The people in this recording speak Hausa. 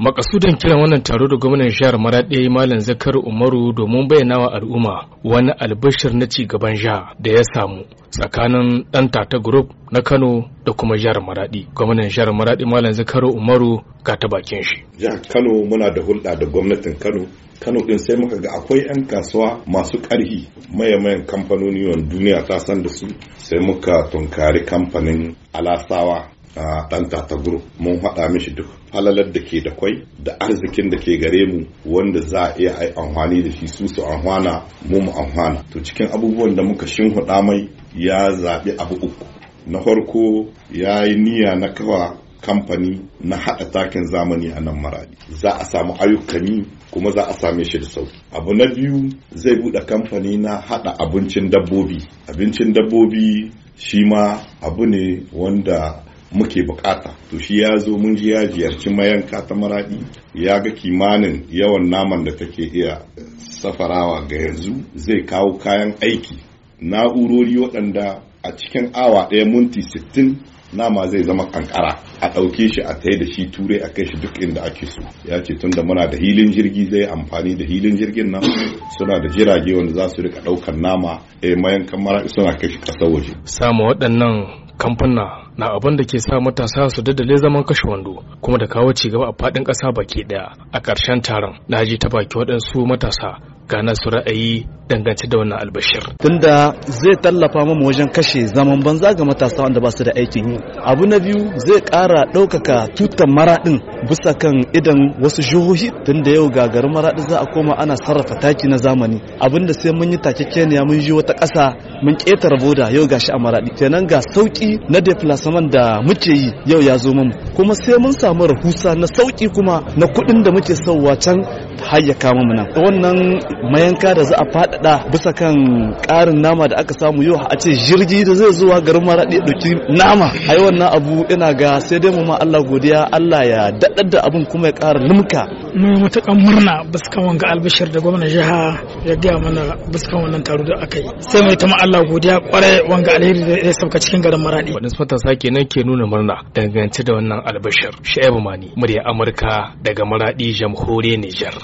makasudan kiran wannan taro da gwamnan jihar maraɗe malam zakar umaru domin bayyana wa al'umma wani albashir na ci gaban jiha da ya samu tsakanin ɗan tata group na kano da kuma jihar maraɗi gwamnan jihar maraɗi malam zakar umaru ga ta bakin shi jihar kano muna da hulɗa da gwamnatin kano kano din sai muka ga akwai 'yan kasuwa masu ƙarhi mayan kamfanoni duniya ta san da su sai muka tunkari kamfanin alasawa a ɗan kataguru mun haɗa mishi duk halalar da ke da kwai da arzikin da ke gare mu wanda za a iya ai amfani da shi su su amfana mu mu amfana to cikin abubuwan da muka shinhuɗa mai ya zaɓi abu uku na farko ya yi niyya na kawa kamfani na haɗa takin zamani a nan maradi za a samu ayyukan yi kuma za a same shi da sauki abu na biyu zai buɗe kamfani na haɗa abincin dabbobi abincin dabbobi shi ma abu ne wanda muke bukata to shi ya zo mun ji ya ziyarci mayanka ta maraɗi ya ga kimanin yawan naman da take iya safarawa ga yanzu zai kawo kayan aiki na'urori waɗanda a cikin awa ɗaya munti sittin nama zai zama kankara a ɗauke shi a tai da shi turai a kai shi duk inda ake so ya ce tun da muna da hilin jirgi zai amfani da hilin jirgin nan suna da jirage wanda za su rika ɗaukar nama eh, mayankan mayan suna kai shi ƙasar waje samu waɗannan kamfuna na abin da ke sa matasa su daddale zaman kashe wando kuma da kawo ci gaba a fadin kasa baki daya a ƙarshen taron na ji ta baki waɗansu matasa gana su ra'ayi dangance da wannan albashir. Tunda zai tallafa mu wajen kashe zaman banza ga matasa wanda ba su da aikin yi. Abu na biyu zai ƙara ɗaukaka tutan maraɗin bisa kan idan wasu jihohi tunda yau gagarin maraɗi za a koma ana sarrafa taki na zamani abinda sai mun yi takekeniya mun ji wata ƙasa mun ƙetare boda yau gashi a maradi kenan ga sauki na deflasman da muke yi yau ya zo mun kuma sai mun samu rahusa na sauki kuma na kuɗin da muke sauwa can har kama mu nan wannan mayanka da za a faɗaɗa bisa kan ƙarin nama da aka samu yau a ce jirgi da zai zuwa garin maraɗi ya ɗauki nama ai wannan abu ina ga sai dai mu ma Allah godiya Allah ya daɗar da abin kuma ya ƙara limka mu matuƙan murna biskan wanga albishir da gwamnan jiha ya gaya mana biskan wannan taro da aka yi sai mai ta ma Allah godiya kwarai wanga alheri da ya sauka cikin garin maraɗi wadansu matasa kenan ke nuna murna dangance da wannan albishir Shaibu Mani murya Amurka daga maraɗi jamhuriyar Nijar